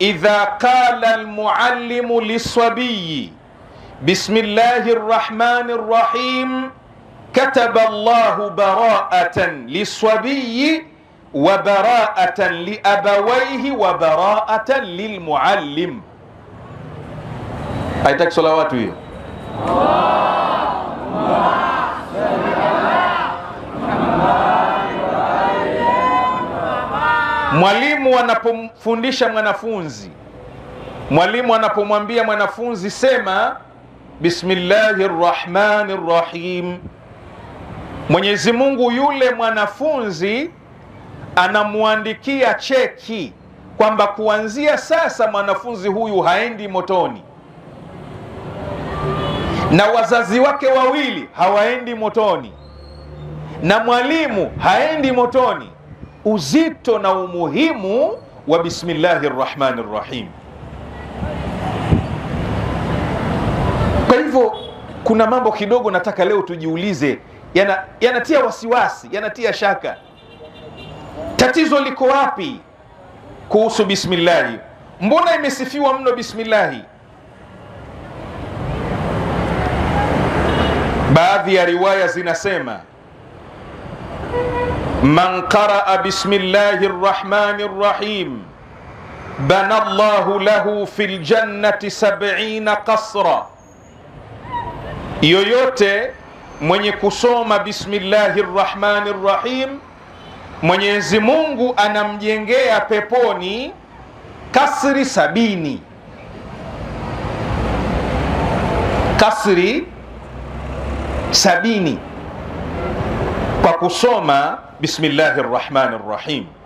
إذا قال المعلم للصبي بسم الله الرحمن الرحيم كتب الله براءة للصبي وبراءة لأبويه وبراءة للمعلم هيتك صلواته الله Mwalimu anapomfundisha mwanafunzi, mwalimu anapomwambia mwanafunzi sema bismillahi rahmani rahim Mwenyezi Mungu yule mwanafunzi anamwandikia cheki kwamba kuanzia sasa mwanafunzi huyu haendi motoni na wazazi wake wawili hawaendi motoni na mwalimu haendi motoni uzito na umuhimu wa bismillahi rahmani rrahim. Kwa hivyo kuna mambo kidogo nataka leo tujiulize, yana, yanatia wasiwasi, yanatia shaka. Tatizo liko wapi kuhusu bismillahi? Mbona imesifiwa mno bismillahi? Baadhi ya riwaya zinasema من قرأ بسم الله الرحمن الرحيم بنى الله له في الجنة سبعين قصرا yoyote mwenye kusoma bismillahi rrahmani rrahim mwenyezi mungu anamjengea peponi kasri sabini kasri sabini kwa kusoma bismillahi rrahmani rrahim